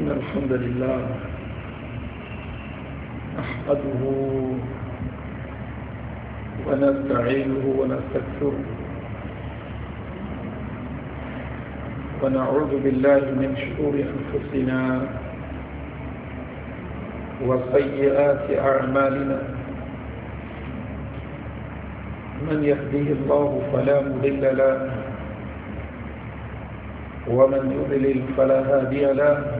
إن الحمد لله نحمده ونستعينه ونستكثره ونعوذ بالله من شرور أنفسنا وسيئات أعمالنا من يهديه الله فلا مضل له ومن يضلل فلا هادي له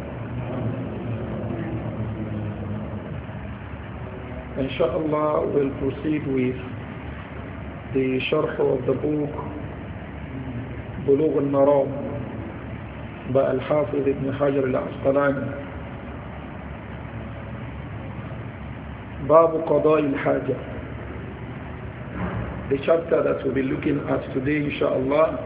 Inshallah, we'll proceed with the sharh of the book Bulugh al-Maram by Al-Hafiz ibn Hajar al-Asqalani. باب قضاء الحاجة The chapter that we'll be looking at today, inshallah,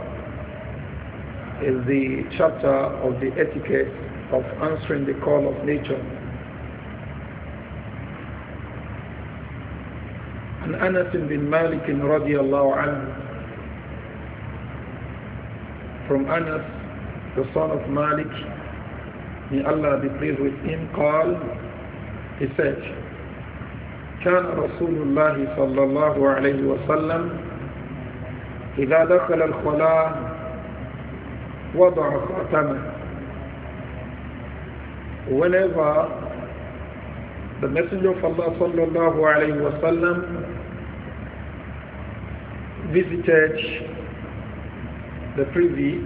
is the chapter of the etiquette of answering the call of nature. أنس بن مالك رضي الله عنه from Anas the son of Malik may Allah be pleased with him قال he said كان رسول الله صلى الله عليه وسلم إذا دخل الخلاء وضع خاتمه whenever the messenger of Allah صلى الله عليه وسلم visited the privy,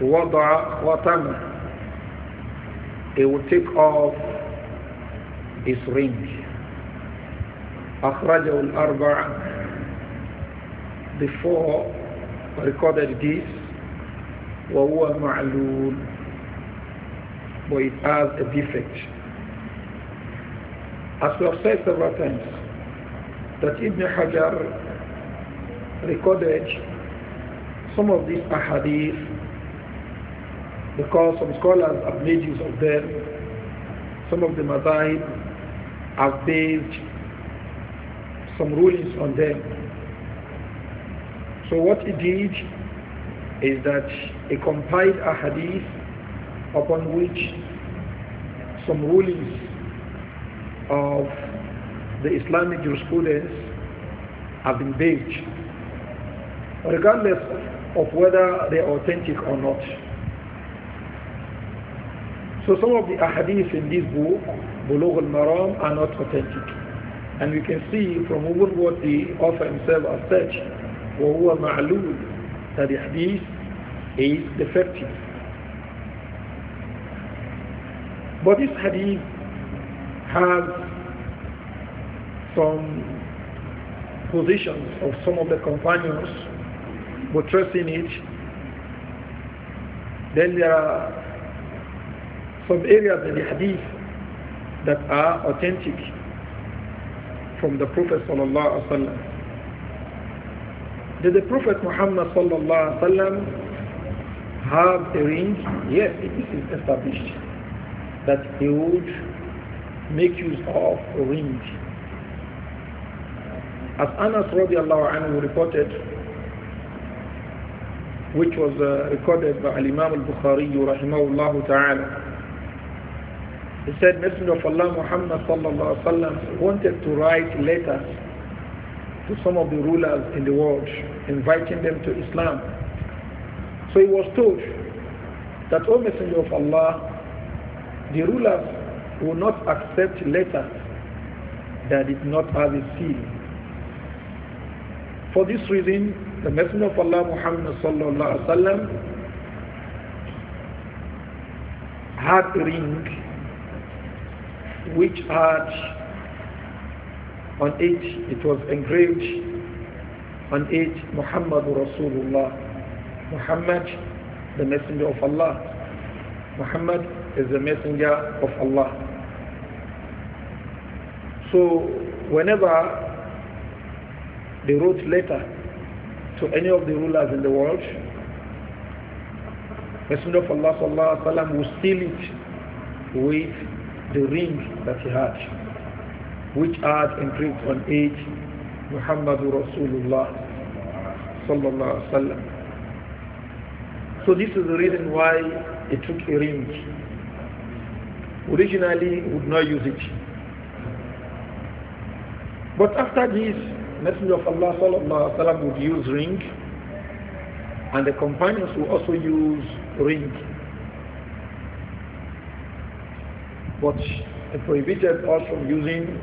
Wada وَتَمَ He would take off his ring. أخرجه الأربع before recorded this وهو معلول but it has a defect as we have said several times that Ibn Hajar recorded some of these ahadith because some scholars have made use of them. Some of the mazahib have based some rulings on them. So what he did is that he compiled a hadith upon which some rulings of the Islamic jurisprudence have been based regardless of whether they are authentic or not. So some of the ahadith in this book, Bulugh al-Maram, are not authentic. And we can see from even what the author himself has said, وَهُوَ مَعْلُولٌ that the hadith is defective. But this hadith has some positions of some of the companions in it. Then there are some areas in the hadith that are authentic from the Prophet sallallahu alaihi wasallam. Did the Prophet Muhammad sallallahu alaihi wasallam have a ring? Yes, this is established that he would make use of a ring. As Anas radiallahu anhu reported which was uh, recorded by Imam al-Bukhari rahimahullah ta'ala. He said Messenger of Allah Muhammad sallallahu alaihi wasallam wanted to write letters to some of the rulers in the world, inviting them to Islam. So he was told that, O Messenger of Allah, the rulers will not accept letters that did not have a seal. For this reason, the Messenger of Allah Muhammad sallallahu had a ring which had on it it was engraved on it Muhammad Rasulullah Muhammad the messenger of Allah Muhammad is the messenger of Allah so whenever they wrote letter to any of the rulers in the world, Messenger of Allah sallallahu alaihi wasallam will seal it with the ring that he had, which had engraved on it Muhammadur Rasulullah sallallahu alaihi wasallam. So this is the reason why he took a ring. Originally would not use it. But after this, Messenger of Allah sallallahu alaihi would use ring and the companions will also use ring. But it prohibited us from using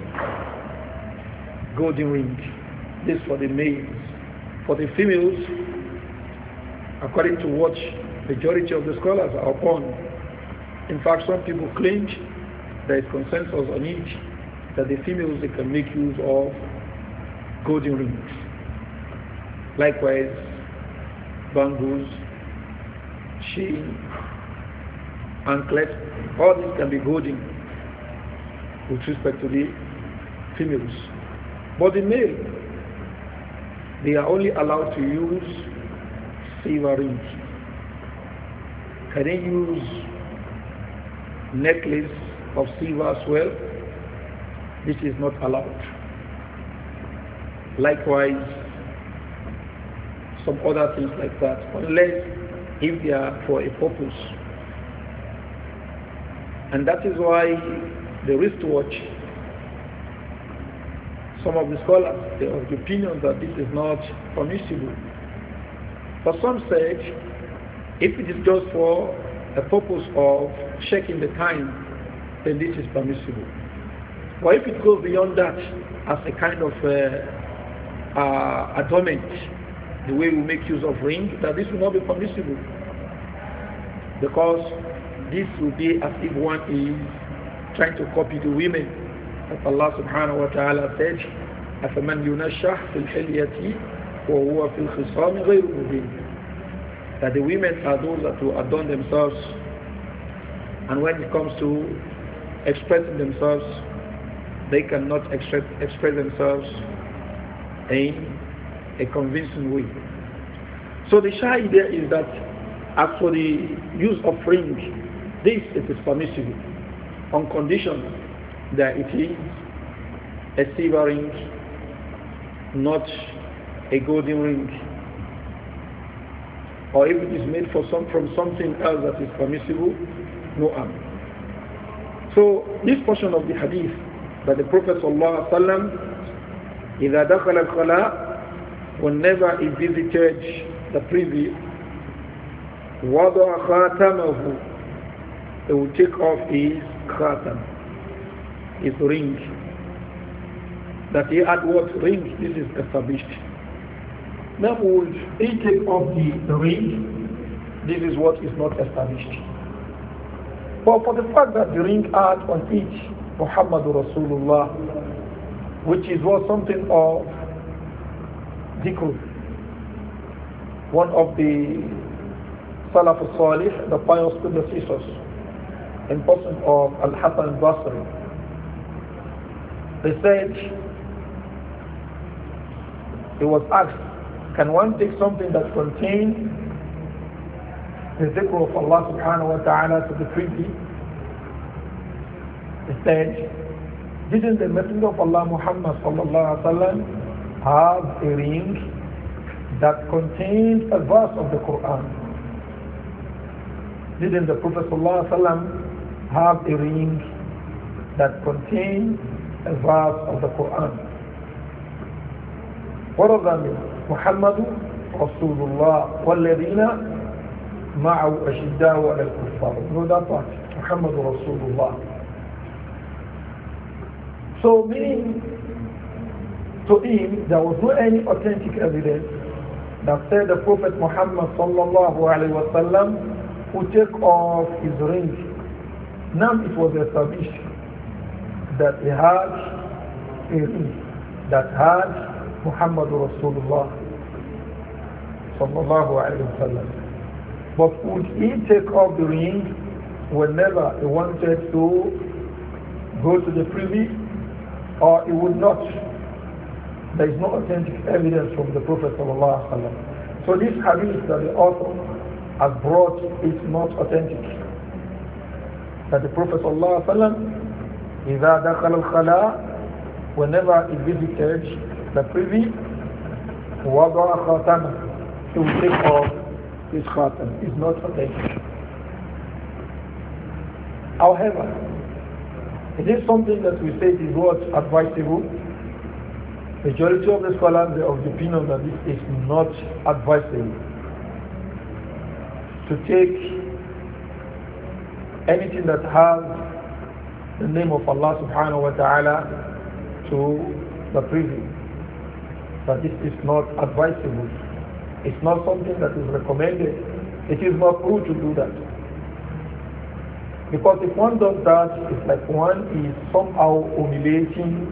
golden ring. This for the males. For the females, according to what majority of the scholars are upon, in fact some people claim there is consensus on it that the females they can make use of golden rings. Likewise, bangles, chain, anklets, all these can be golden with respect to the females. But the male, they are only allowed to use silver rings. Can they use necklace of silver as well? This is not allowed. Likewise, some other things like that, unless if they are for a purpose. And that is why the wristwatch, some of the scholars they are of the opinion that this is not permissible. But some said, if it is just for a purpose of checking the time, then this is permissible. But if it goes beyond that as a kind of uh, uh, adornment, the way we make use of ring, that this will not be permissible. Because this will be as if one is trying to copy the women that Allah subhanahu wa ta'ala said, أَفَمَنْ يُنَشَّحْ فِي الْحِلْيَةِ وَهُوَ فِي الْخِصَامِ غَيْرُ مُبِينٍ That the women are those that will adorn themselves and when it comes to expressing themselves, they cannot express, express themselves a convincing way. So the shy idea is that as for the use of ring, this it is permissible on condition that it is a silver ring, not a golden ring. Or if it is made for some, from something else that is permissible, no harm. So this portion of the hadith that the Prophet ﷺ إذا دخل الخلاء whenever he visited the privy وضع خاتمه he will take off his khatam his ring that he had what ring this is established now would he take off the, ring this is what is not established but for the fact that the ring had on each Muhammad Rasulullah which is what something of dhikr one of the Salaf al-Salih the pious predecessors in person of Al-Hassan al-Basri they said he was asked can one take something that contains the dhikr of Allah subhanahu wa ta'ala to the treaty he said didn't the Messenger of Allah Muhammad sallallahu alaihi wasallam have a ring that contained a verse of the Quran? Didn't the Prophet sallallahu alaihi wasallam have a ring that contained a verse of the Quran? What does that mean? Muhammadu Rasulullah والذين معه أشداء على الكفار. No, that part. محمد رسول الله. So meaning to him there was no any authentic evidence that said the Prophet Muhammad sallallahu alaihi wasallam would take off his ring. Now it was established that he had is that had Muhammad Rasulullah sallallahu alaihi wasallam. But would he take off the ring whenever he wanted to go to the privy or it would not. There is no authentic evidence from the Prophet ﷺ. So this hadith that the author has brought is not authentic. That the Prophet ﷺ, إِذَا دَخَلَ الْخَلَاء Whenever he visited the privy, وَضَعَ خَاتَمًا He would take off his khatam. It's not authentic. However, is this something that we say is what advisable? Majority of the scholars are of the opinion that this is not advisable. To take anything that has the name of Allah subhanahu wa ta'ala to the prison. That this is not advisable. It's not something that is recommended. It is not good to do that. Because if one does that, it's like one is somehow humiliating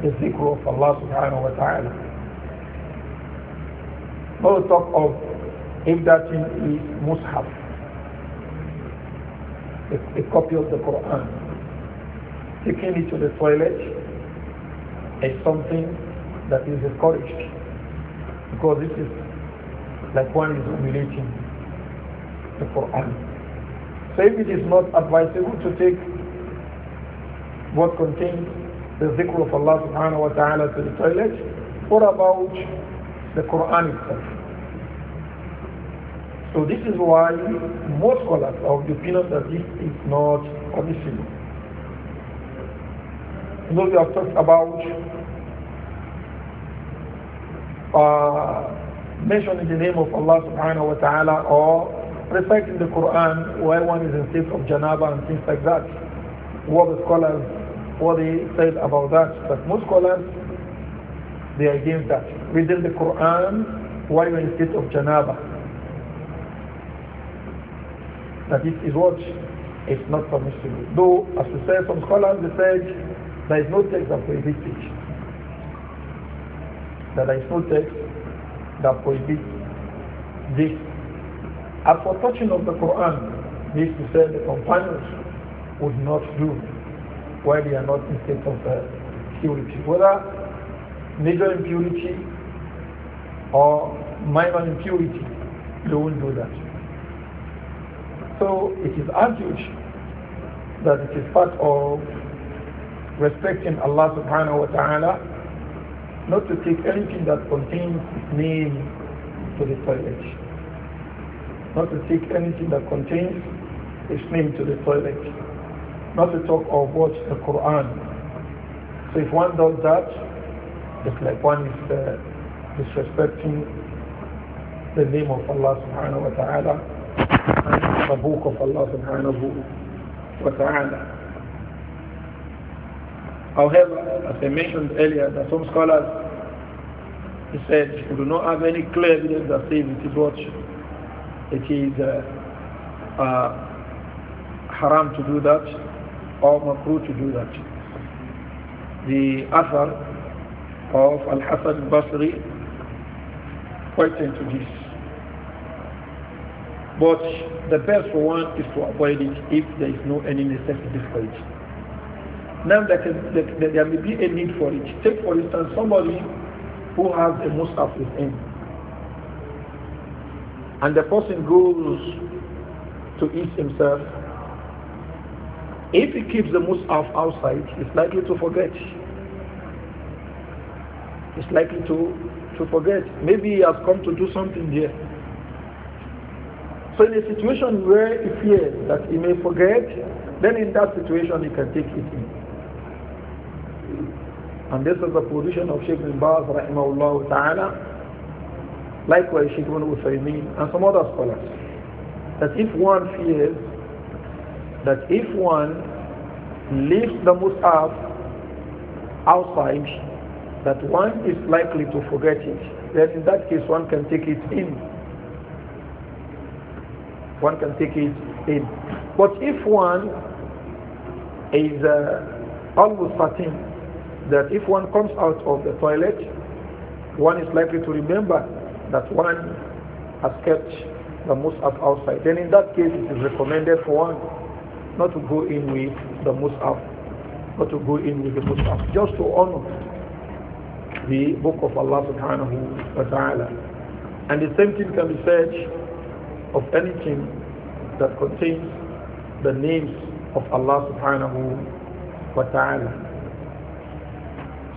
the zikr of Allah subhanahu wa ta'ala. No talk of if that is mushaf, a, a copy of the Quran. Taking it to the toilet is something that is discouraged because this is like one is humiliating the Quran. So it is not advisable to take what contains the zikr of Allah subhanahu wa ta'ala to the toilet, what about the Quran itself? So this is why most scholars are of the opinion that this is not permissible. You know, we have talked about uh, mentioning the name of Allah subhanahu wa ta'ala or reciting the Quran while one is in state of janaba and things like that. What the scholars, what they said about that. But most scholars, they are against that. Reading the Quran while you're in state of janaba. That it is what is not permissible. Though, as we say, some scholars they said there is no text that prohibits it. That there is no text that prohibits this a portion of the Quran, means to say the companions would not do while they are not in state of uh, purity, whether major impurity or minor impurity, they won't do that. So it is argued that it is part of respecting Allah subhanahu wa ta'ala not to take anything that contains his name to the toilet not to take anything that contains his name to the toilet, not to talk or watch the Quran. So if one does that, it's like one is uh, disrespecting the name of Allah subhanahu wa ta'ala and the book of Allah subhanahu wa ta'ala. However, as I mentioned earlier, that some scholars said we do not have any clear evidence that says it is what it is uh, uh, haram to do that or makruh to do that. The author of Al-Hasan al-Basri pointed to this. But the best one is to avoid it if there is no any necessity for it. Now that there, there may be a need for it. Take for instance somebody who has a mushaf with him and the person goes to eat himself, if he keeps the mus'af outside, he's likely to forget. He's likely to, to forget. Maybe he has come to do something there. So in a situation where he fears that he may forget, then in that situation he can take it in. And this is the position of Sheikh Ibn Baz rahimahullah ta'ala Likewise, Sheikh Ibn Uthaymeen and some other scholars. That if one fears that if one leaves the Mus'haf outside, that one is likely to forget it, then in that case one can take it in. One can take it in. But if one is uh, almost certain that if one comes out of the toilet, one is likely to remember that one has kept the mus'af outside. Then in that case, it is recommended for one not to go in with the mus'af, not to go in with the mus'af, just to honor the book of Allah subhanahu wa ta'ala. And the same thing can be said of anything that contains the names of Allah subhanahu wa ta'ala.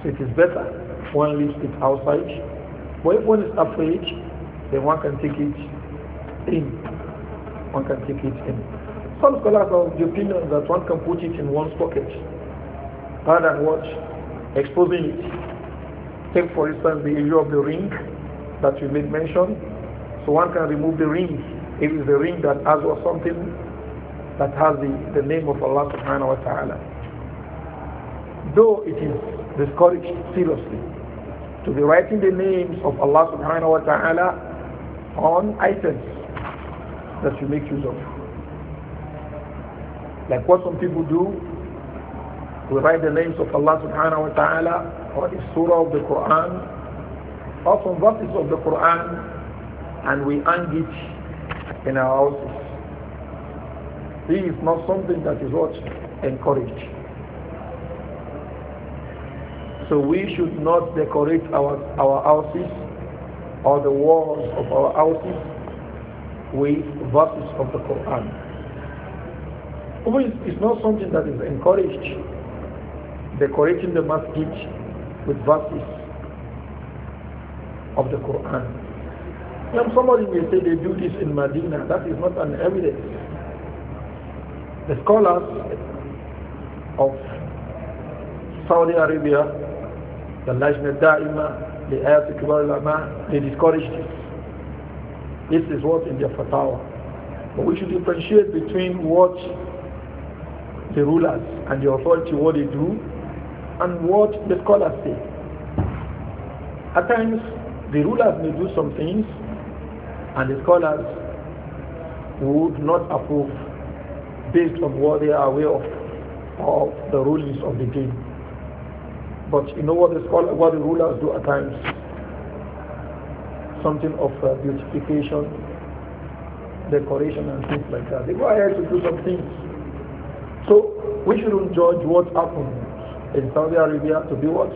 So it is better one leaves it outside but if one is afraid, then one can take it in. One can take it in. Some scholars are of the opinion that one can put it in one's pocket rather than what? Exposing it. Take for instance the issue of the ring that you made mention. So one can remove the ring it's a ring that has or something that has the, the name of Allah subhanahu wa ta'ala. Though it is discouraged seriously to be writing the names of Allah subhanahu wa ta'ala on items that you make use of. Like what some people do, we write the names of Allah subhanahu wa ta'ala or the surah of the Quran or some verses of the Quran and we hang it in our houses. This is not something that is what encouraged. So we should not decorate our, our houses or the walls of our houses with verses of the Quran. It's not something that is encouraged, decorating the masjid with verses of the Quran. Now somebody may say they do this in Medina. That is not an evidence. The scholars of Saudi Arabia the Lajna Da'ima, the Ayat Ulama, they discourage this. This is what in their fatwa. But we should differentiate between what the rulers and the authority, what they do, and what the scholars say. At times, the rulers may do some things, and the scholars would not approve based on what they are aware of, of the rulings of the day. But you know what the scholar, what the rulers do at times? Something of uh, beautification, decoration, and things like that. They go ahead to do some things. So we shouldn't judge what happens in Saudi Arabia to be what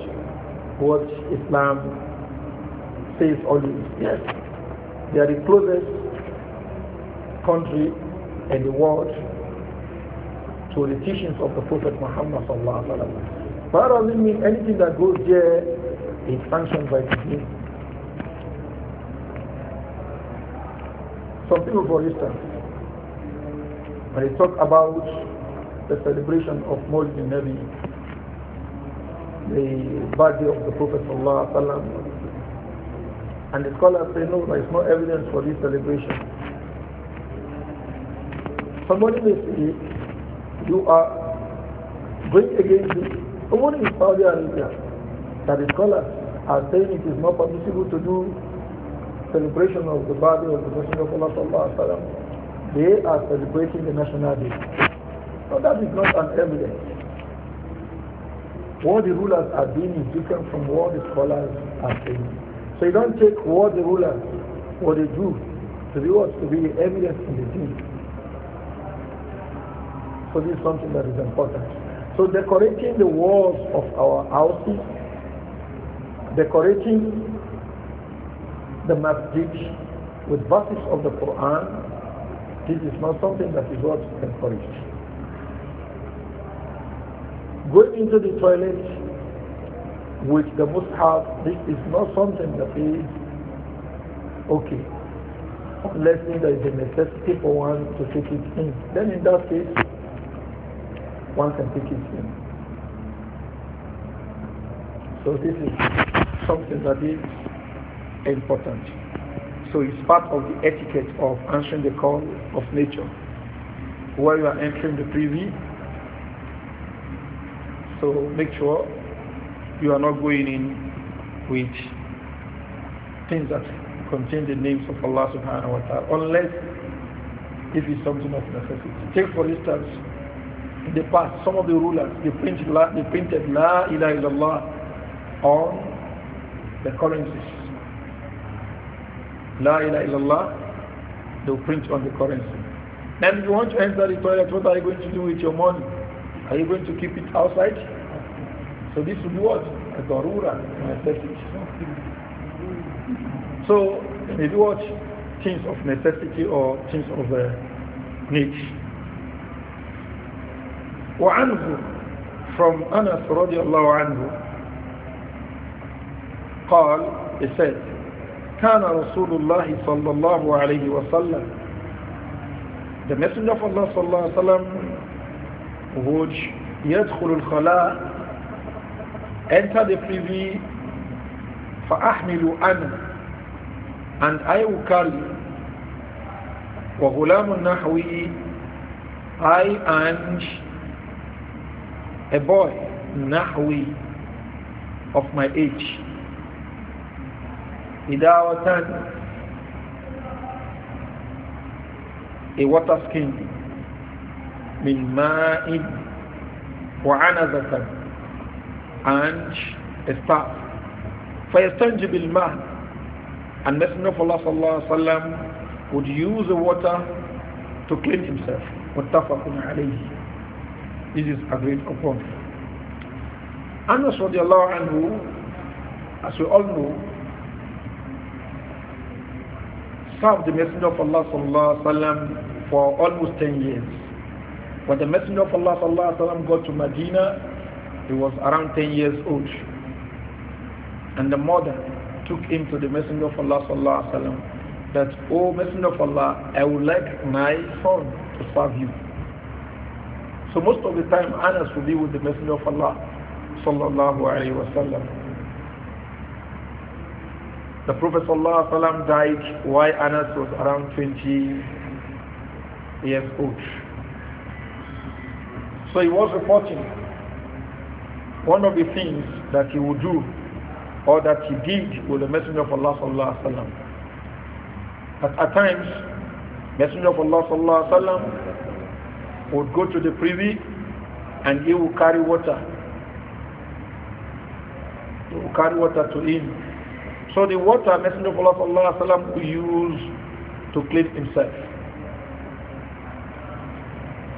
what Islam says always. Yes, they are the closest country in the world to the teachings of the Prophet Muhammad sallallahu alaihi wasallam. But doesn't mean anything that goes It functions by the deen. Some people, for instance, when they talk about the celebration of Maulid Nabi, the birthday of the Prophet and the scholars say no, there is no evidence for this celebration. Somebody may say, you are going against even in Saudi Arabia, that the scholars are saying it is not permissible to do celebration of the body of the Messenger of Allah Sallallahu Alaihi Wasallam, they are celebrating the national day. So that is not an evidence. What the rulers are doing is different from what the scholars are saying. So you don't take what the rulers, what they do, to be what? To be evidence in the deed. So this is something that is important. So decorating the walls of our houses, decorating the masjid with verses of the Quran, this is not something that is worth encouraging. Going into the toilet with the mushaf, this is not something that is okay. Unless there is a necessity for one to take it in. Then in that case, one can take it in. So this is something that is important. So it's part of the etiquette of answering the call of nature. While you are entering the privy, so make sure you are not going in with things that contain the names of Allah subhanahu wa ta'ala unless if it's something of necessity. Take for instance the past, some of the rulers, they printed, they printed La ilaha illallah on the currencies. La ilaha illallah, they'll print on the currency. Then if you want to enter the toilet, what are you going to do with your money? Are you going to keep it outside? So this would be what? A darura, necessity. So they do what? Things of necessity or things of uh, need. وعنه from Anas رضي الله عنه قال he said كان رسول الله صلى الله عليه وسلم the messenger of Allah صلى الله عليه وسلم would يدخل الخلاء enter the privy فأحمل أنا and I will carry وغلام النحوي I and a boy, Nahwi, of my age. Idawatan, a water skin, min ma'in, wa'anazatan, and a staff. فَيَسْتَنْجِ بِالْمَهْ And Messenger of Allah sallallahu alayhi wa would use the water to clean himself. متفق alayhi. It is agreed upon. Anas radiallahu anhu, as we all know, served the Messenger of Allah sallallahu alaihi wasallam for almost 10 years. When the Messenger of Allah sallallahu alaihi wasallam got to Medina, he was around 10 years old. And the mother took him to the Messenger of Allah sallallahu alaihi wasallam that, O oh, Messenger of Allah, I would like my son to serve you. So most of the time Anas will be with the Messenger of Allah sallallahu alaihi wasallam. The Prophet sallallahu died while Anas was around 20 years old. So he was reporting one of the things that he would do or that he did with the Messenger of Allah sallallahu alaihi wasallam. at times, Messenger of Allah sallallahu alaihi wasallam would go to the privy and he will carry water. He carry water to him. So the water Messenger of Allah sallam, use to clean himself.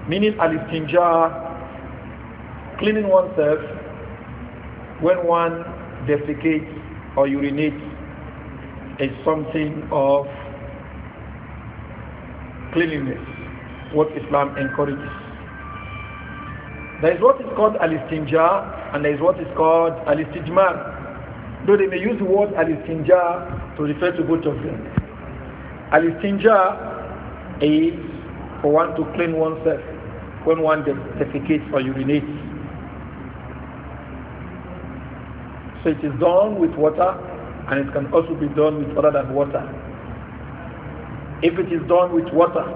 Meaning al-istinja, cleaning oneself when one defecates or urinates is something of cleanliness what Islam encourages. There is what is called al-istinja and there is what is called al-istijmar. Though they may use the word al-istinja to refer to both of them. Al-istinja is for one to clean oneself when one defecates or urinates. So it is done with water and it can also be done with other than water. If it is done with water,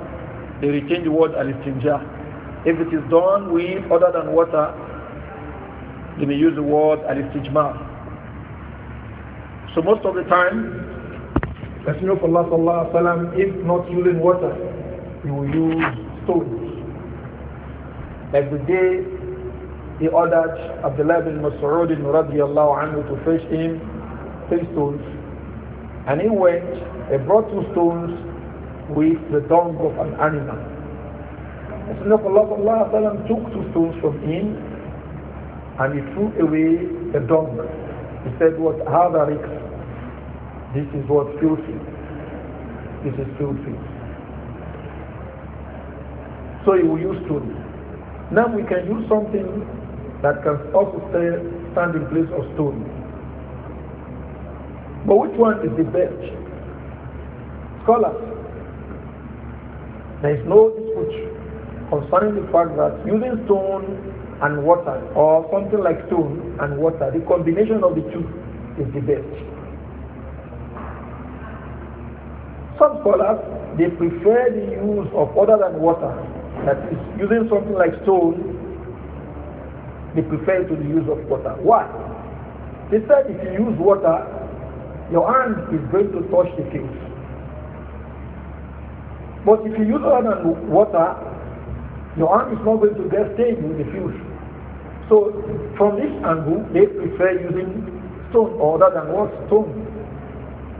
they retain the word alistinja. If it is done with other than water, they may use the word alistijma. So most of the time, Messenger of Allah sallallahu alaihi if not using water, he will use stones. Like the day he ordered Abdullah bin Mas'ud radiallahu anhu to fetch him three stones. And he went, he brought two stones, with the dung of an animal. Rasulullah took two stones from him and he threw away the dung. He said, What hadarik? This is what filthy. This is filthy. So he will use stone. Now we can use something that can also stand in place of stone. But which one is the best? Scholars there is no dispute concerning the fact that using stone and water or something like stone and water, the combination of the two is the best. Some scholars, they prefer the use of other than water, that is using something like stone, they prefer to the use of water. Why? They said if you use water, your hand is going to touch the king. But if you use oil and water, your arm is not going to get stained with the future. So from this angle, they prefer using stone other than what? Stone.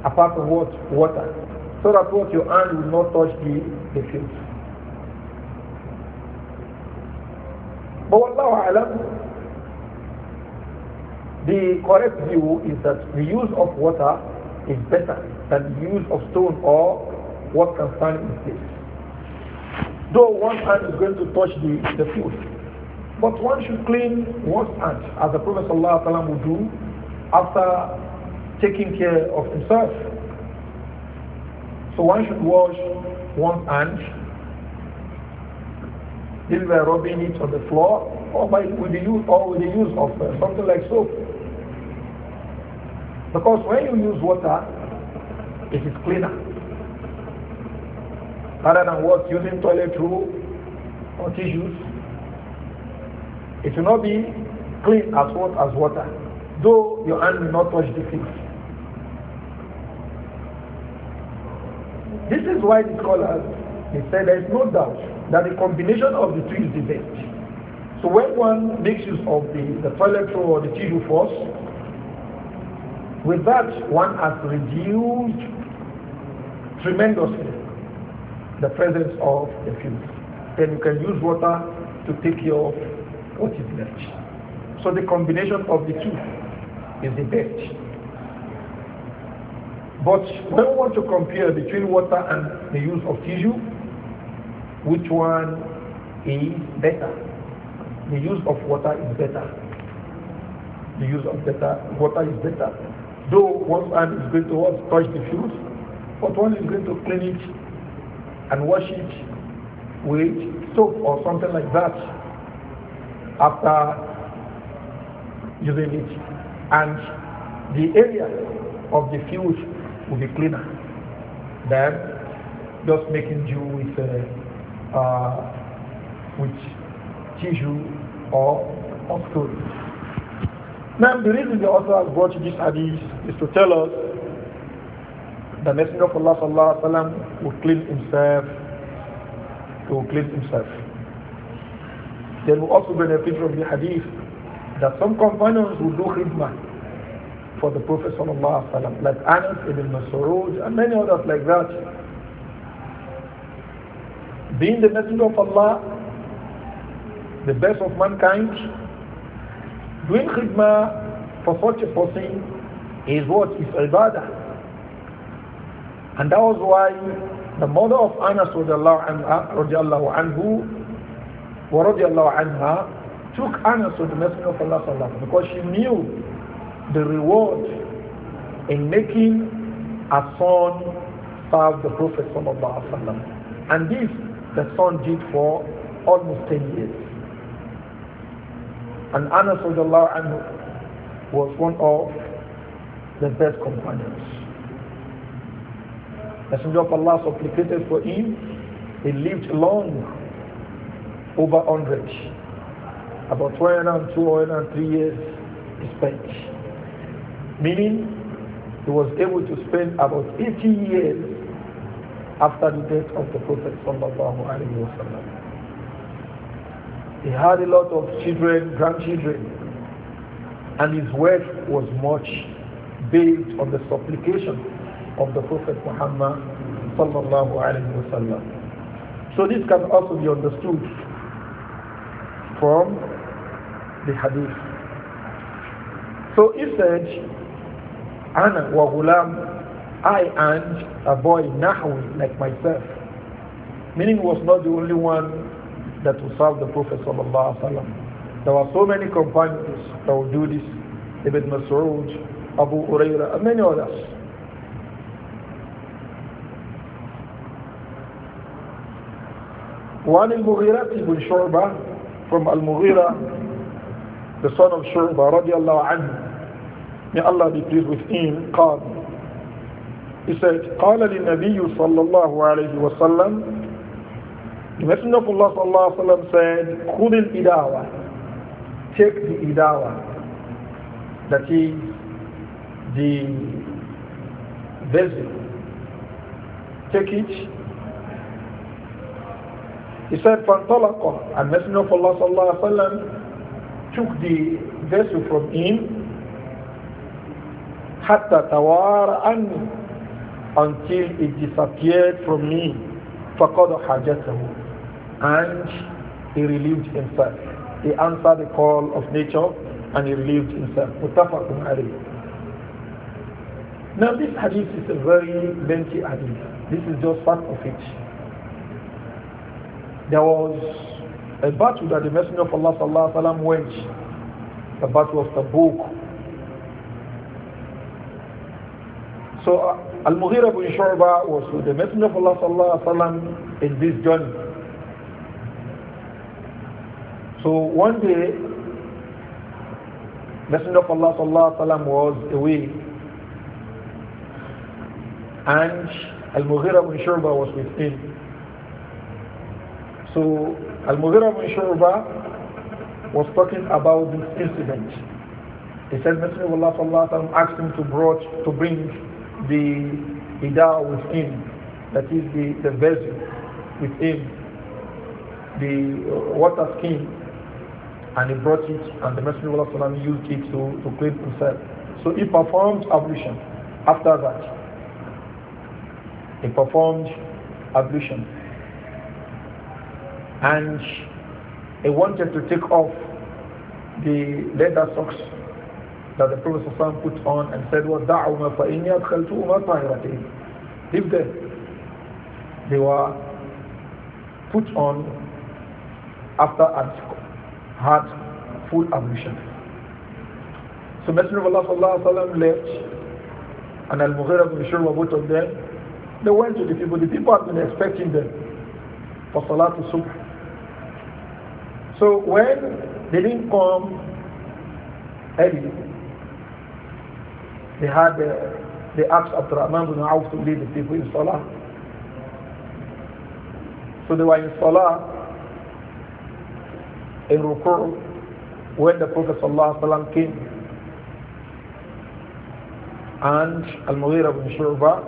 Apart from what? Water. So that what your hand will not touch the, the field. But Wallahu Alam, the correct view is that the use of water is better than the use of stone or what can stand in place. Though one hand is going to touch the, the food, but one should clean one's hand as the Prophet ﷺ would do after taking care of himself. So one should wash one's hand either by rubbing it on the floor or by with the use or with the use of uh, something like soap. Because when you use water, it is cleaner rather than what using toilet roll or tissues. It will not be clean as what as water, though your hand will not touch the thing. This is why the scholars they say there is no doubt that the combination of the two is the best. So when one makes use of the, the toilet roll or the tissue first, with that one has reduced tremendously the presence of the fumes. Then you can use water to take care of what is left. So the combination of the two is the best. But when we want to compare between water and the use of tissue, which one is better? The use of water is better. The use of better, water is better. Though one hand is going to touch the fuse, but one is going to clean it and wash it with soap or something like that after using it. And the area of the fuse will be cleaner than just making do with uh, uh, with tissue or or Now the reason the author has brought this hadith is to tell us the Messenger of Allah sallallahu alaihi wasallam would clean himself to clean himself. There will also benefit from the hadith that some companions would do khidmah for the Prophet sallallahu alaihi wasallam, like Anas ibn Mas'ud and many others like that. Being the Messenger of Allah, the best of mankind, doing khidmah for such a person is what is ibadah and that was why the mother of Anas radiallahu anhu, wa anha, took Anas to the Messenger of Allah Sallam because she knew the reward in making a son serve the Prophet sallallahu alaihi And this the son did for almost 10 years. And Anas radiallahu anhu was one of the best companions. Messenger of Allah supplicated for him. He lived long, over 100, about 102, three years he spent. Meaning, he was able to spend about 80 years after the death of the Prophet sallallahu alaihi wasallam. He had a lot of children, grandchildren, and his wealth was much based on the supplication of the Prophet Muhammad sallallahu alayhi wasallam. So this can also be understood from the hadith. So he said, Ana wa ghulam, I and a boy nahwi, like myself. Meaning was not the only one that would serve the Prophet sallallahu alayhi wasallam. There were so many companions that would do this. Ibn Mas'ud, Abu Uraira, and many others. وعن المغيرة بن شعبة from Al-Mughira the son of Shu'bah رضي الله عنه may Allah be pleased with him قال he said قال للنبي صلى الله عليه وسلم the Messenger of Allah صلى الله عليه وسلم said خذ الإداوة take the إداوة that is the vessel take it he said, فَانْطَلَقَ And Messenger of Allah sallallahu alayhi wa sallam took the vessel from him حَتَّى تَوَارَ عَنِّي until it disappeared from me. فَقَدْ حَاجَتَهُ And he relieved himself. He answered the call of nature and he relieved himself. متفق عليه now this hadith is a very lengthy hadith. This is just part of it there was a battle that the Messenger of Allah sallallahu alaihi wasallam went, the battle of Tabuk. So uh, Al-Mughira bin Shu'ba was with the Messenger of Allah sallallahu alaihi wasallam in this journey. So one day, Messenger of Allah sallallahu alaihi wasallam was away, and Al-Mughira bin Shu'ba was with him. So Al-Mughira bin Shu'ba was talking about this incident. He said Messenger of Allah sallallahu alayhi wa asked him to, brought, to bring the hidah with him, that is the, the vessel with him, the uh, water skin, and he brought it and the Messenger of Allah sallallahu used it to, to clean himself. So he performed ablution after that. He performed ablution and he wanted to take off the leather socks that the Prophet ﷺ put on and said, وَدَعُوا فَإِنِّي أَدْخَلْتُهُمَا طَاهِرَتَيْنِ Leave If They were put on after had had full ablution. So Messenger of Allah sallallahu left and Al-Mughira bin Shurwa both of them. They went to the people. The people had been expecting them for Salatul Subh. So when they didn't come early, they had uh, they asked Abdurrahman bin Auf to lead the people in Salah. So they were in Salah in Rukur when the Prophet ﷺ came and Al-Mughira bin Shurba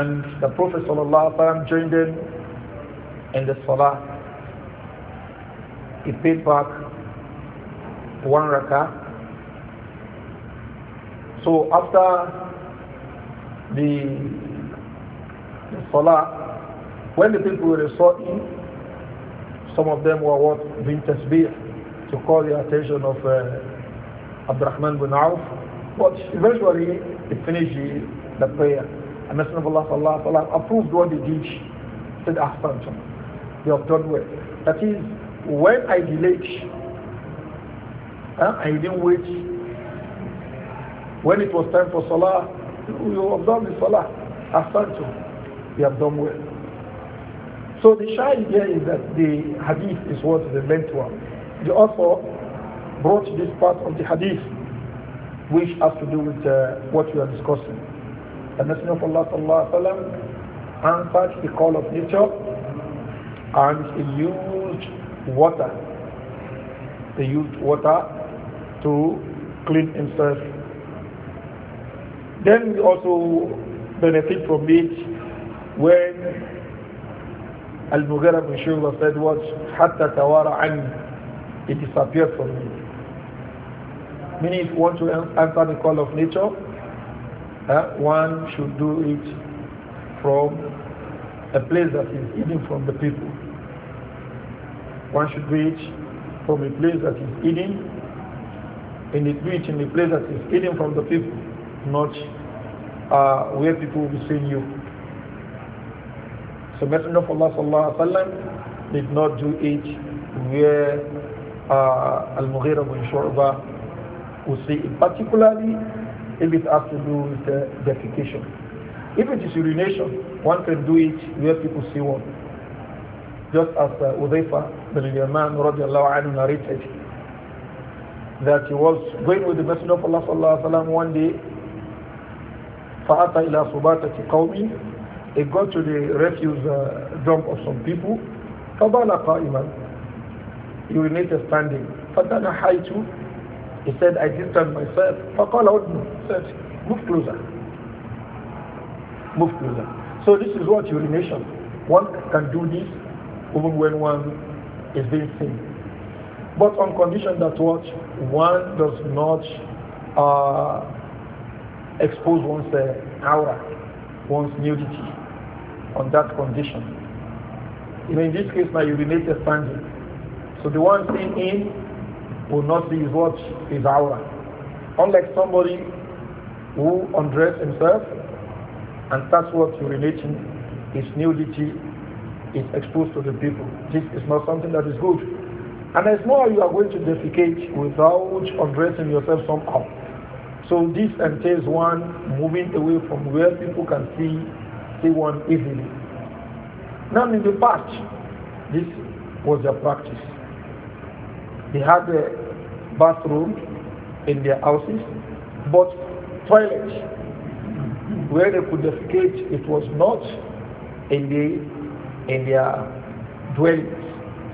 and the Prophet ﷺ joined them in the Salah he paid back one raka. So after the, the salah, when the people were sorting, some of them were what doing tasbih to call the attention of uh, Abdurrahman bin Auf. But eventually they finished the, the prayer. And Messenger of Allah sallallahu approved what they did. Said Ahsan, they have done well. That is when I delayed, I didn't wait. When it was time for Salah, you have done the Salah. thank you have done well. So the shy idea is that the hadith is what the meant one. The author brought this part of the hadith which has to do with uh, what we are discussing. The Messenger of Allah sallallahu alaihi wasallam, answered the call of nature and he used water. They used water to clean themselves. Then we also benefit from it when Al-Mughira bin Shu'ba said what? Hatta tawara anni. It disappeared from me. Meaning if you want to answer the call of nature, uh, one should do it from a place that is hidden from the people one should do it from a place that is hidden, and it do it in a place that is hidden from the people, not uh, where people will be seeing you. So Messenger of Allah sallallahu alaihi wasallam did not do it where uh, Al-Mughira bin Shu'ba will see it, particularly if it has to do with uh, defecation. If it is urination, one can do it where people see one. Just as uh, bin al-Yaman radiallahu anhu narrated that he was going with the Messenger of Allah sallallahu alaihi wasallam) one day فَأَتَى إِلَى صُبَاتَةِ He got to the refuse uh, dump of some people فَبَالَ will He a standing فَتَنَحَيْتُ He said, I distanced myself فَقَالَ عُدْنُ oh, said, move closer move closer so this is what urination one can do this even when one is being seen. But on condition that what one does not uh, expose one's uh, aura, one's nudity on that condition. You know, in this case now you remain standing. So the one seen in will not be his watch, his aura. Unlike somebody who undress himself and that's what urinating his nudity is exposed to the people. This is not something that is good. And as more you are going to defecate without undressing yourself somehow. So this entails one moving away from where people can see, see one easily. Now in the past, this was their practice. They had a bathroom in their houses, but toilets where they could defecate, it was not in the in their dwellings.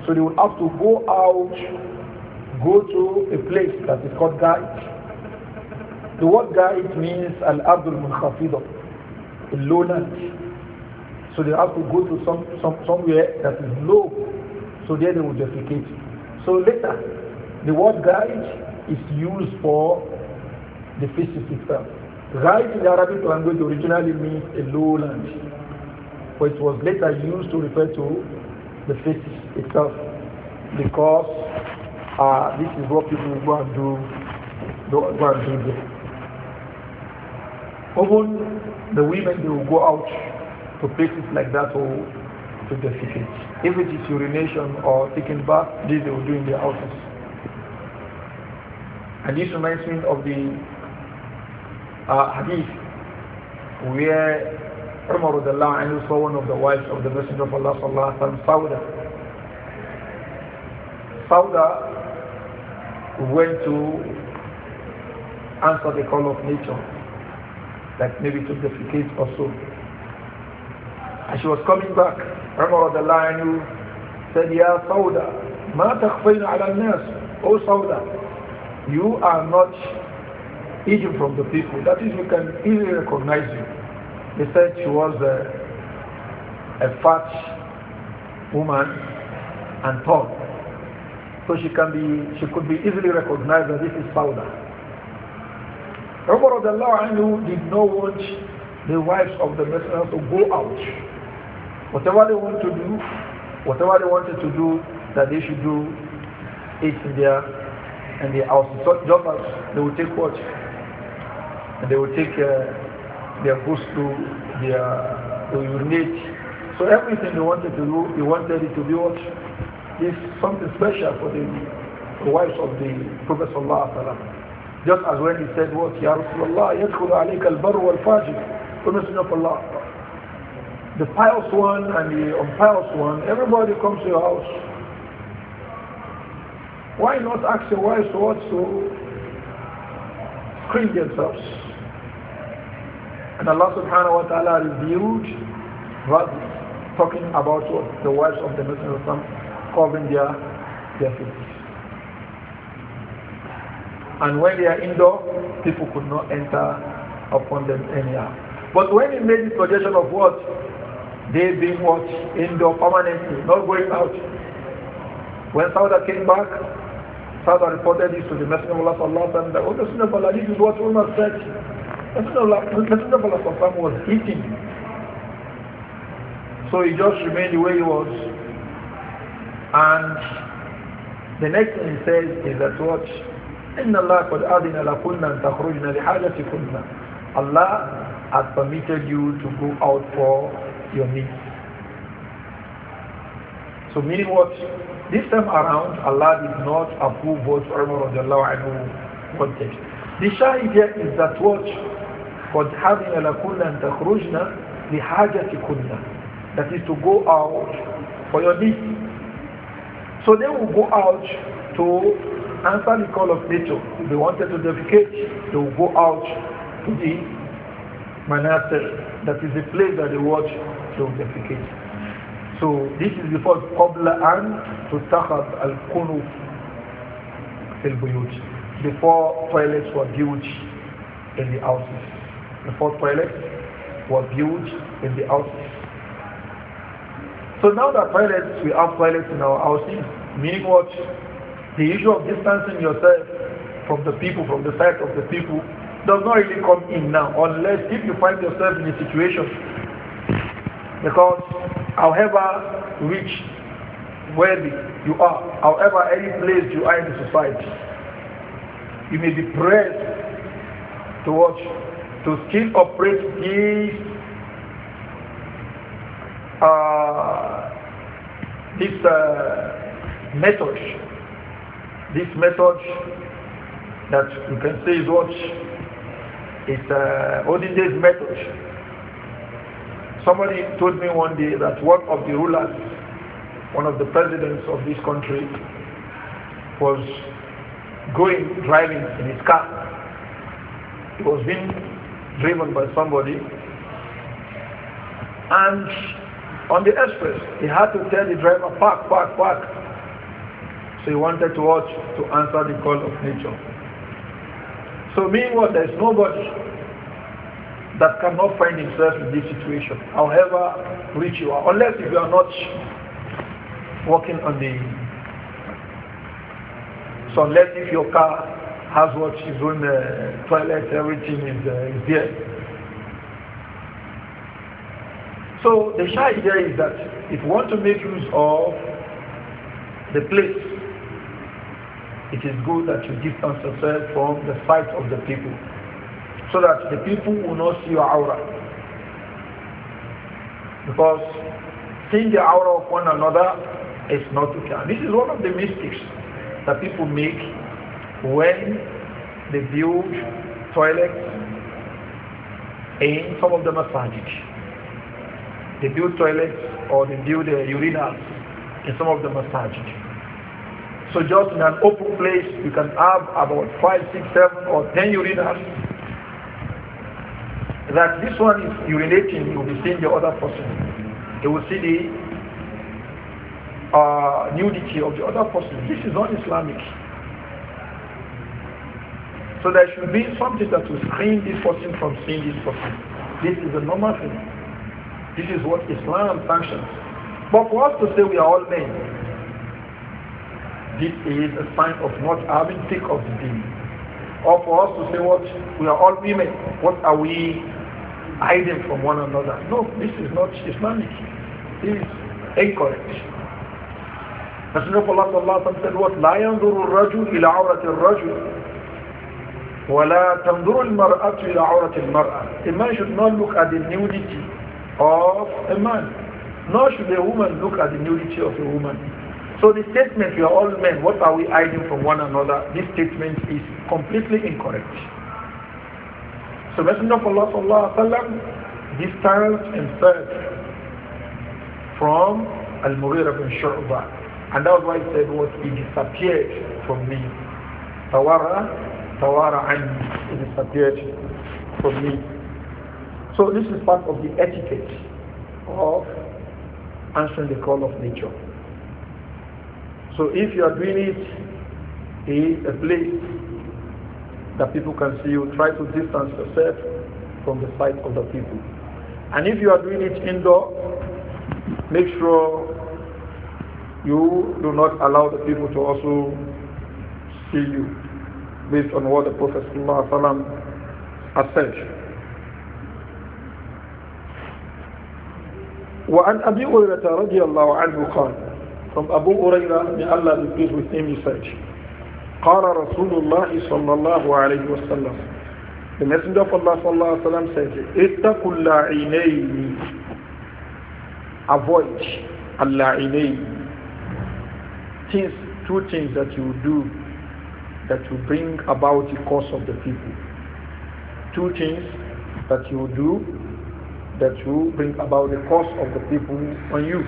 So they will have to go out, go to a place that is called "gai." The word Gaid means Al-Abdul Munkhafida, a lowland. So they have to go to some, some somewhere that is low. So there they will defecate. So later, the word guide is used for the physics itself. Guide in the Arabic language originally means a lowland but it was later used to refer to the face itself because uh, this is what people go and do, do go and do this. Even the women they will go out to places like that or to the defecate. If it is urination or taking bath, this they will do in their houses. And this reminds me of the uh, hadith where Umar anhu saw one of the wives of the Messenger of Allah sallallahu alaihi wasallam, went to answer the call of nature, like maybe to defecate or so. And she was coming back. Umar anhu said, Ya Sauda, ma takhfayna ala nas? O Sauda, you are not hidden from the people. That is, you can easily recognize you. He said she was a, a fat woman and tall. So she can be, she could be easily recognized that this is Sauda. Umar knew did not want the wives of the messengers to go out. Whatever they want to do, whatever they wanted to do, that they should do it in their in their house So just as they will take what? And they will take uh, their gusto, their urinate. So everything they wanted to do, they wanted it to be what? Is something special for the, wives of the Prophet Sallallahu Alaihi Just as when he said what? Ya Rasulullah, yadkhul alayka al-barr wal-fajr. O Messenger of Allah. The pious one and the impious one, everybody comes to your house. Why not ask your wives what to screen themselves? And Allah subhanahu wa ta'ala revealed what, talking about what the wives of the Messenger of Allah covering their, their feet. And when they are indoor, people could not enter upon them anyhow. But when he made the suggestion of what? They being what? Indoor permanently, not going out. When Sauda came back, Sauda reported this to the Messenger of Allah, and the oh, Messenger of Allah, this is what Umar said. Messenger of Allah was eating. So he just remained where he was. And the next thing he says is that what? إن الله قد Allah has permitted you to go out for your needs. So meaning what? This time around, Allah did not approve what Umar wanted. The shahid here is that "Watch." قد حمل لكل أن تخرجنا لحاجتكن that is to go out for your need so they will go out to answer the call of nature if they wanted to defecate they will go out to the manasir that is the place that they watch to defecate so this is before قبل أن تتخذ الكنوف في البيوت before toilets were built in the houses the fourth toilet were built in the houses. So now that toilets, we have toilets in our houses, meaning what? The issue of distancing yourself from the people, from the sight of the people, does not really come in now, unless if you find yourself in a situation. Because however rich, wealthy you are, however any place you are in the society, you may be pressed to watch to still operate this uh, this uh, method this method that you can say is what is uh, days method somebody told me one day that one of the rulers one of the presidents of this country was going driving in his car he was being driven by somebody. And on the express, he had to tell the driver, park, park, park. So he wanted to watch to answer the call of nature. So meanwhile, there is nobody that cannot find himself in this situation, however rich you are, unless if you are not working on the so unless if your car has what his own uh, toilet, everything is, uh, is there. So the shy idea is that if you want to make use of the place, it is good that you distance yourself from the sight of the people so that the people will not see your aura. Because seeing the aura of one another is not okay. this is one of the mistakes that people make when they build toilets in some of the masajid. They build toilets or they build the urinals in some of the masajid. So just in an open place, you can have about five, six, seven, or 10 urinals. That this one is urinating, you will be seeing the other person. You will see the uh, nudity of the other person. This is not Islamic. So there should be something that will screen this person from seeing this person. This is a normal thing. This is what Islam sanctions. But for us to say we are all men, this is a sign of not having thick of the deen. Or for us to say what we are all women, what are we hiding from one another? No, this is not Islamic. This is incorrect. Messenger of Allah said what? لا ينظر الرجل إلى عورة الرجل وَلَا تَنْظُرُ الْمَرْأَةُ إِلَى عَوْرَةِ الْمَرْأَةِ A man should not look at the nudity of a man. Nor should a woman look at the nudity of a woman. So the statement, we are all men, what are we hiding from one another? This statement is completely incorrect. So Messenger of Allah sallallahu alaihi wasallam distanced himself from Al-Mughira bin Shu'bah. And that's why he said what he disappeared from me. Tawara tawara and it disappeared from me. So this is part of the etiquette of answering the call of nature. So if you are doing it in a place that people can see you, try to distance yourself from the sight of the people. And if you are doing it indoor, make sure you do not allow the people to also see you based on what the Prophet ﷺ has said. وعن أبي هريرة رضي الله عنه قال from Abu Huraira may Allah be pleased with him he said قال رسول الله صلى الله عليه وسلم the messenger of Allah صلى الله عليه وسلم said اتقوا اللعينين avoid اللعينين things two things that you do that will bring about the cause of the people. Two things that you do that will bring about the cause of the people on you.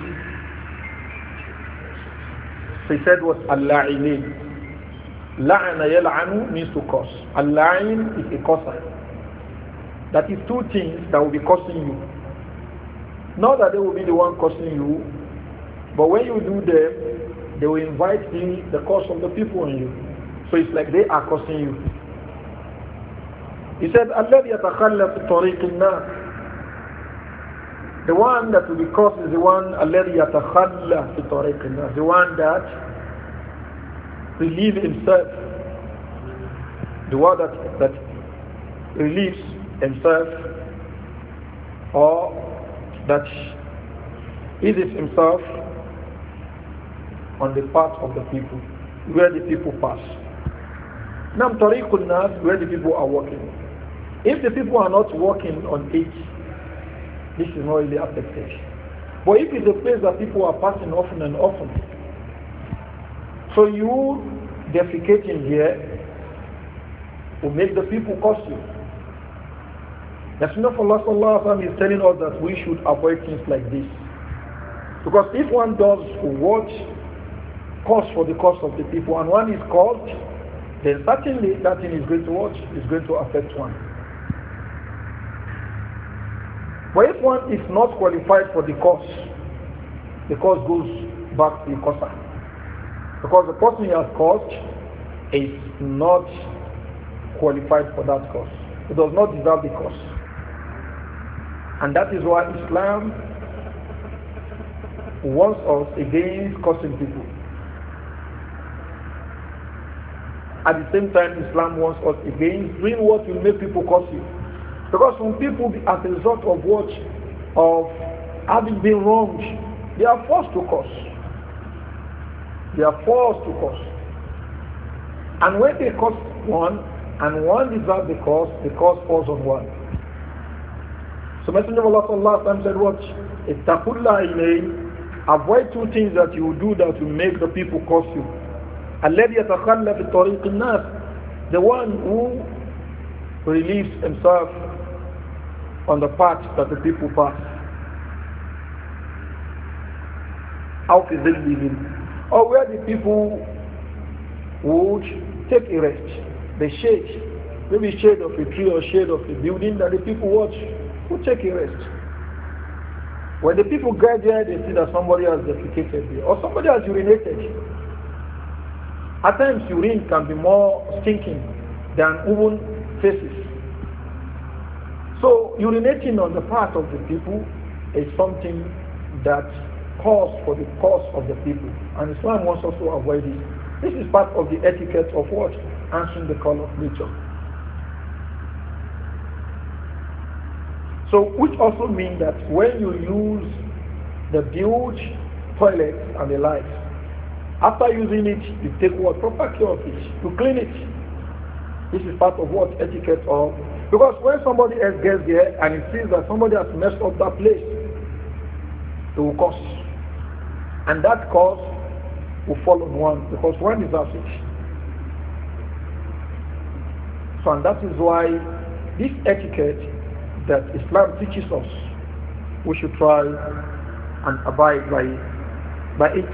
So he said what Allah La'ana yal'anu means to cause. is a causer. That is two things that will be causing you. Not that they will be the one causing you, but when you do them, they will invite the, the cause of the people on you. So it's like they are cursing you. He said, الَّذِي يَتَخَلَّفُ طَرِيقِ النَّاسِ The one that will be cursed is the one الَّذِي يَتَخَلَّفُ طَرِيقِ النَّاسِ The one that relieves himself. The one that, that relieves himself or that eases himself on the path of the people, where the people pass. Now, tariqun nas, where the people are walking. If the people are not walking on it, this is not really affected. But if it's a place that people are passing often and often, so you defecating here will make the people curse you. The Sunnah of Allah sallallahu alayhi is telling us that we should avoid things like this. Because if one does what cause for the cause of the people and one is called then certainly that thing is going to watch is going to affect one. But if one is not qualified for the course, the course goes back to the causer. Because the person he has caused is not qualified for that course. He does not deserve the course. And that is why Islam warns us against causing people. At the same time, Islam wants us again doing what will make people curse you. Because some people, as a result of what? Of having been wronged, they are forced to curse. They are forced to curse. And when they curse one, and one deserves the curse, the curse falls on one. So Messenger of Allah sallallahu alaihi wasallam said, "Watch, ittaqullah Avoid two things that you do that will make the people curse you. الذي يتخلى في طريق الناس the one who relieves himself on the path that the people pass how is it living or where the people would take a rest the shade maybe shade of a tree or shade of a building that the people watch would take a rest when the people there, they see that somebody has defecated there, or somebody has urinated. At times urine can be more stinking than even faces. So urinating on the part of the people is something that calls for the cause of the people. And Islam wants us to avoid this. This is part of the etiquette of what? Answering the call of nature. So which also means that when you use the built toilets and the lights, after using it, you take what proper care of it. You clean it. This is part of what etiquette of. Because when somebody else gets there and he sees that somebody has messed up that place, it will cause. And that cause will fall on one because one is absent. So and that is why this etiquette that Islam teaches us, we should try and abide by, by it.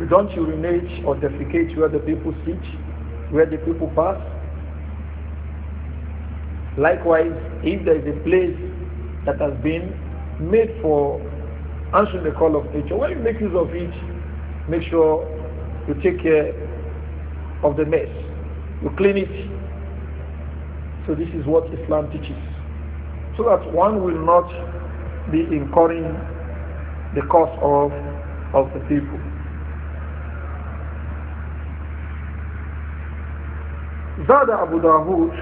You don't urinate or defecate where the people sit, where the people pass. Likewise, if there is a place that has been made for answering the call of nature, when you make use of it, make sure you take care of the mess. You clean it. So this is what Islam teaches. So that one will not be incurring the cost of, of the people. Zada Abu Dawood,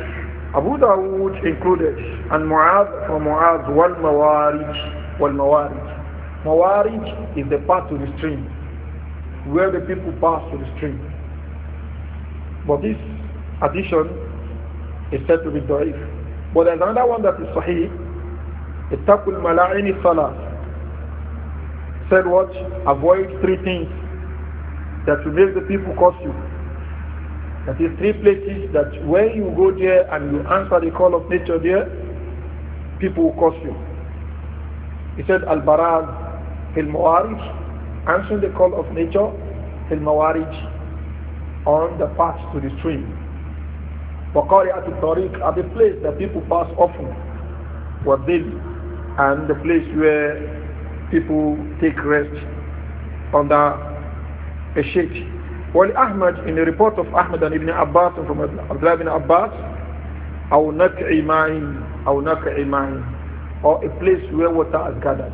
Abu Dawood included, and Mu'adh from Mu'adh wal Mawarij, wal Mawarij. Mawarij is the path to the stream, where the people pass to the stream. But this addition is said to be da'if. But there's another one that is sahih, Ittaqul mala'ini salah. Said what? Avoid three things that will make the people curse you. That is three places that when you go there and you answer the call of nature there, people will curse you. He said, Al-Barad, Al-Mawarij, answering the call of nature, Al-Mawarij, on the path to the stream. Waqari'at al-Tariq are the place that people pass often, Wadil, and the place where people take rest under a shade. While Ahmad, in the report of Ahmad and Ibn Abbas from Abdullah ibn Abbas, أو نكع معين أو نكع معين or a place where water has gathered.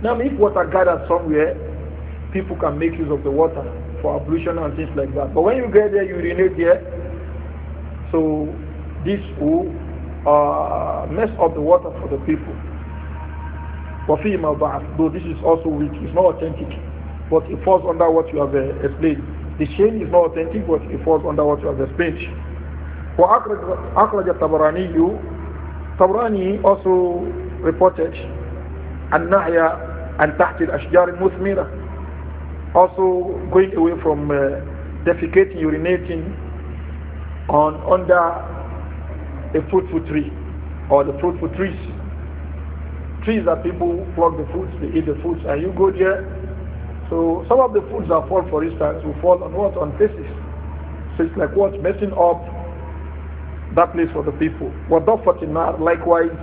Now, if water gathered somewhere, people can make use of the water for ablution and things like that. But when you get there, you urinate there. So this will uh, mess up the water for the people. For female bath, though this is also weak, it's not authentic but it falls under what you have uh, explained. The chain is not authentic, but it falls under what you have explained. For Tabarani, you Tabarani also reported nahya and تحت الأشجار المثمرة also going away from uh, defecating, urinating on under a fruitful tree or the fruitful trees. Trees that people pluck the fruits, they eat the fruits, and you go there so some of the foods that fall, for instance, will fall on what? On faces. So it's like what? Messing up that place for the people. What Wadafatinar, likewise,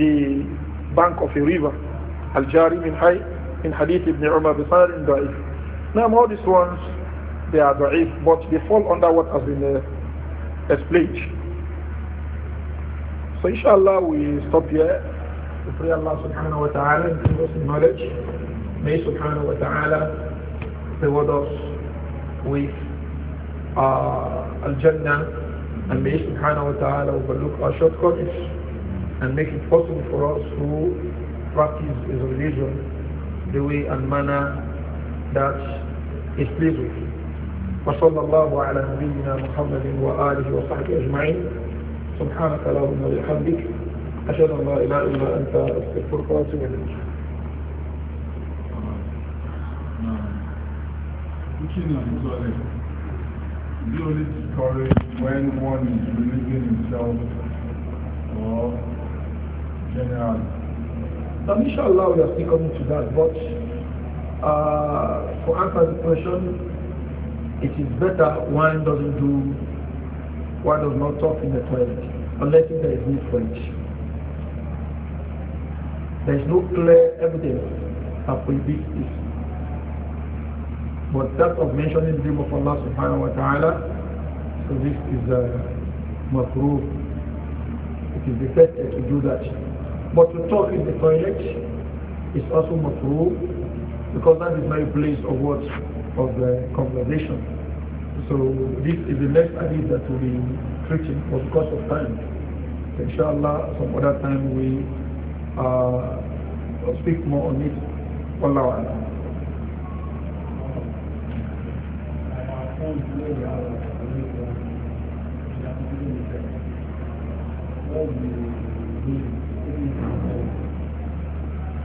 the bank of a river. Al-Jari min Hay, in Hadith ibn Umar Bisar in Da'if. Now all these ones, they are Da'if, but they fall under what has been uh, explained. So inshallah we stop here. We pray Allah subhanahu wa ta'ala and give us knowledge. May subhanahu wa ta'ala reward us with uh, Al-Jannah and may subhanahu wa ta'ala overlook our shortcomings and make it possible for us who practice his religion the way and manner that is pleased with. وصلى الله على نبينا محمد وآله وصحبه أجمعين سبحانك اللهم وبحمدك أشهد أن لا إله إلا أنت أستغفرك وأتوب إليك speaking of the toilet, do discourage when one is relieving himself or generally? Um, inshallah, we are still coming to that, but uh, for answer the question, it is better one doesn't do, one does not talk in the toilet, unless there is need for it. There is no clear evidence that prohibits this. But that of mentioning the name of Allah subhanahu wa ta'ala, so this is uh, makruh. It is detected to do that. But to talk in the toilet is also makruh because that is my place of what? Of the uh, conversation. So this is the next hadith that will be preaching for the course of time. inshallah, some other time we uh, speak more on it. Wallahu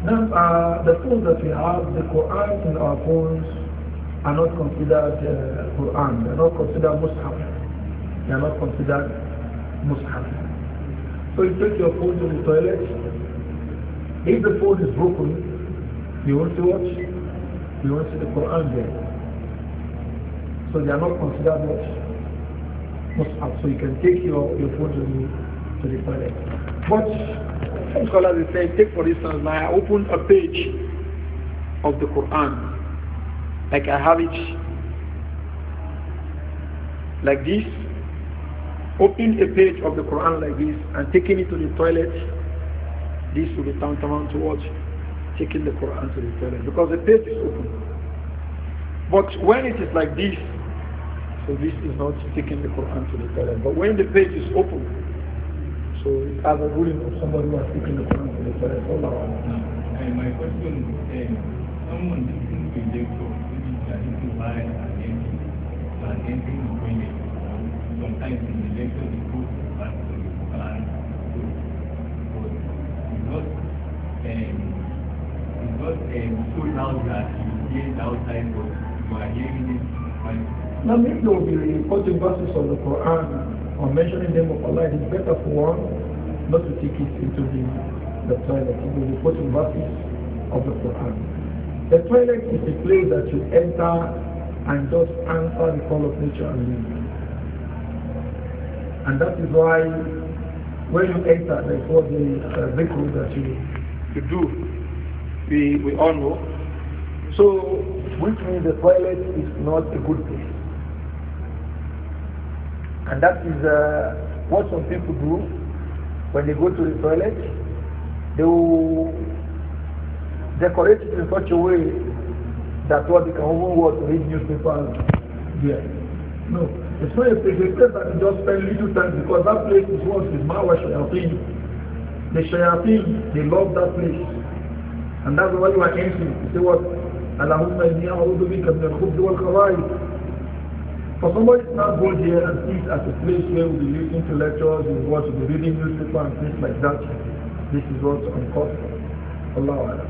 Now, uh, the phones that we have, the Quran in our phones are not considered uh, Quran. They are not considered Mus'haf. They are not considered Mus'haf. So you take your phone to the toilet. If the phone is broken, you want to watch, you want to see the Quran there. So they are not considered much. So you can take your, your phone to the, to the toilet. But some scholars they say, take for instance, now I open a page of the Quran. Like I have it like this. Opening a page of the Quran like this and taking it to the toilet, this will be tantamount to Taking the Quran to the toilet because the page is open. But when it is like this, so this is not taking the Quran to the toilet. But when the page is open, so it has a ruling of somebody who has taken the Quran to the toilet. And my question is, eh, someone listening to the to maybe they are eating wine and empty, and entering Sometimes in the lecture, they put back to the Quran, but it's not, um, it's so loud eh, that you hear it outside, but you are hearing it now, if you will be reporting verses of the Quran or mentioning them of Allah, it is better for one not to take it into the, the toilet. He will be reporting verses of the Quran. The toilet is a place that you enter and just answer the call of nature and live. And that is why when you enter, there is what the uh, that you, you do. We, we all know. So, which means the toilet is not a good place. And that is uh, what some people do when they go to the toilet. They will decorate it in such a way that what they can even watch to read newspapers there. No, it's not a predicted that you just spend little time because that place is what is Mawa Shayatin. The Shayatin, they love that place. And that's why you are answering. You say what? اللهم إني أعوذ بك من الخبز والخبائث for somebody to not go there and eat at a place where we'll be listening to lectures, we'll to we'll be reading newspaper and things like that, this is what's uncalled for. Allah Allah.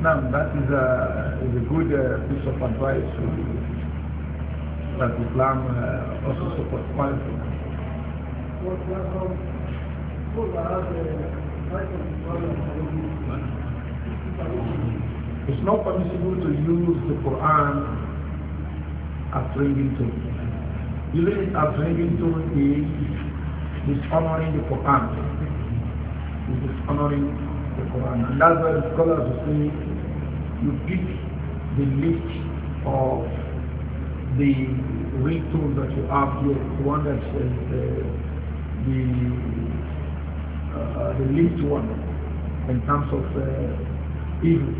Now that is a, is a good uh, piece of advice to, that Islam uh, also supports mindfulness. It's not permissible to use the Quran as ringing tone. Using it as ringing tone is dishonoring the Quran. He's dishonoring the Quran. And that's why the scholars say you pick the list of the tool that you have here. The one that says the, uh, the, uh, the least one in terms of uh, evil.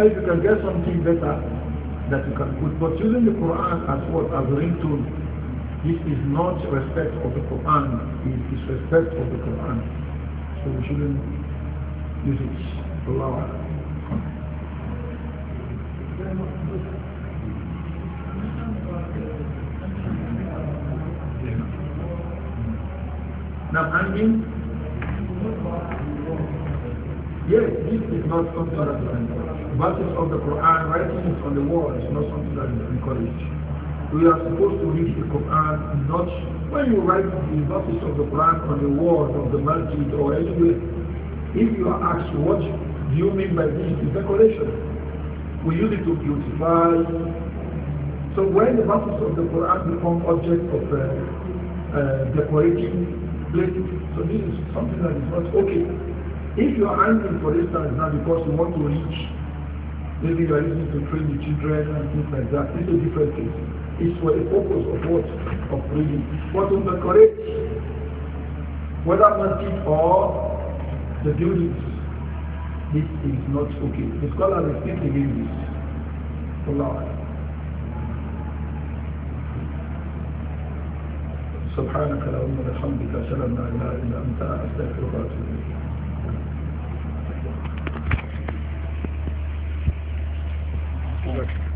Or if you can get something better that you can put. But using the Quran as what? As a ringtone this is not respect of the Quran. It is respect of the Quran. So we shouldn't use it. Allah. Now, I yes, this is not something that is encouraged. Verses of the Quran, writing it on the wall is not something that is encouraged we are supposed to read the Quran, not when you write the verses of the Quran on the wall of the masjid or anywhere. If you are asked what do you mean by this, decoration. We use it to beautify. So when the verses of the Quran become object of uh, uh, decorating places, so this is something that is not okay. If you are angry, for instance, now because you want to reach, maybe you are using to train the children and things like that, this is a different case is for the purpose of what? Of reading. What is the correct? Whether masjid or the buildings. This is not okay. The scholar is speaking against this. Allah. سبحانك اللهم وبحمدك اشهد ان لا اله الا انت استغفرك واتوب اليك Thank you.